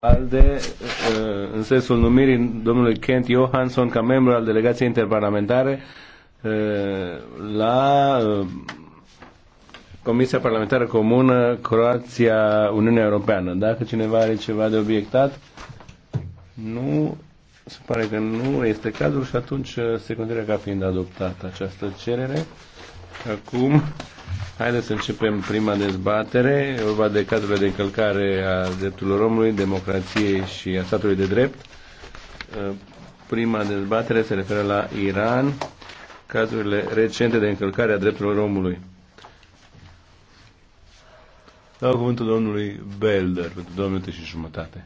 ALDE uh, în sensul numirii domnului Kent Johansson ca membru al delegației interparlamentare uh, la uh, Comisia Parlamentară Comună Croația-Uniunea Europeană. Dacă cineva are ceva de obiectat, nu, se pare că nu este cazul și atunci se consideră ca fiind adoptată această cerere. Acum Haideți să începem prima dezbatere, e vorba de cazurile de încălcare a drepturilor omului, democrației și a statului de drept. Uh, prima dezbatere se referă la Iran, cazurile recente de încălcare a drepturilor omului. Dau cuvântul domnului Belder pentru două minute și jumătate.